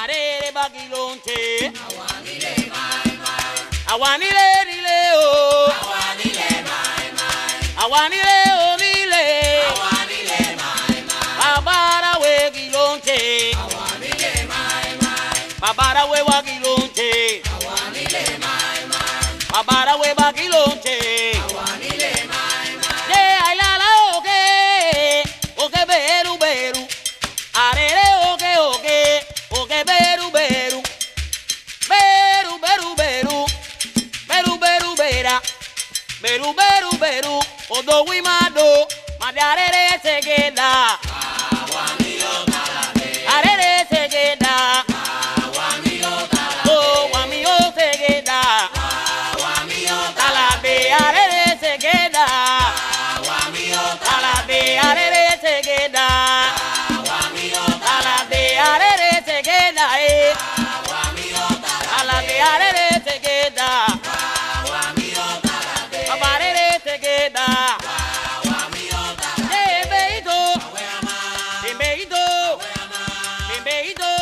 arere bagilonte. àwa nílé máì máì. àwa oh. nílé oh, nílé o. àwa nílé máì máì. àwa nílé onílé. àwa nílé máì máì. babarawe gilonte. àwa nílé máì máì. babarawe wa gilonte. àwa nílé máì máì. babarawe bagilonte. Beru, beru, beru, odo imado, madarere se queda. Chaito.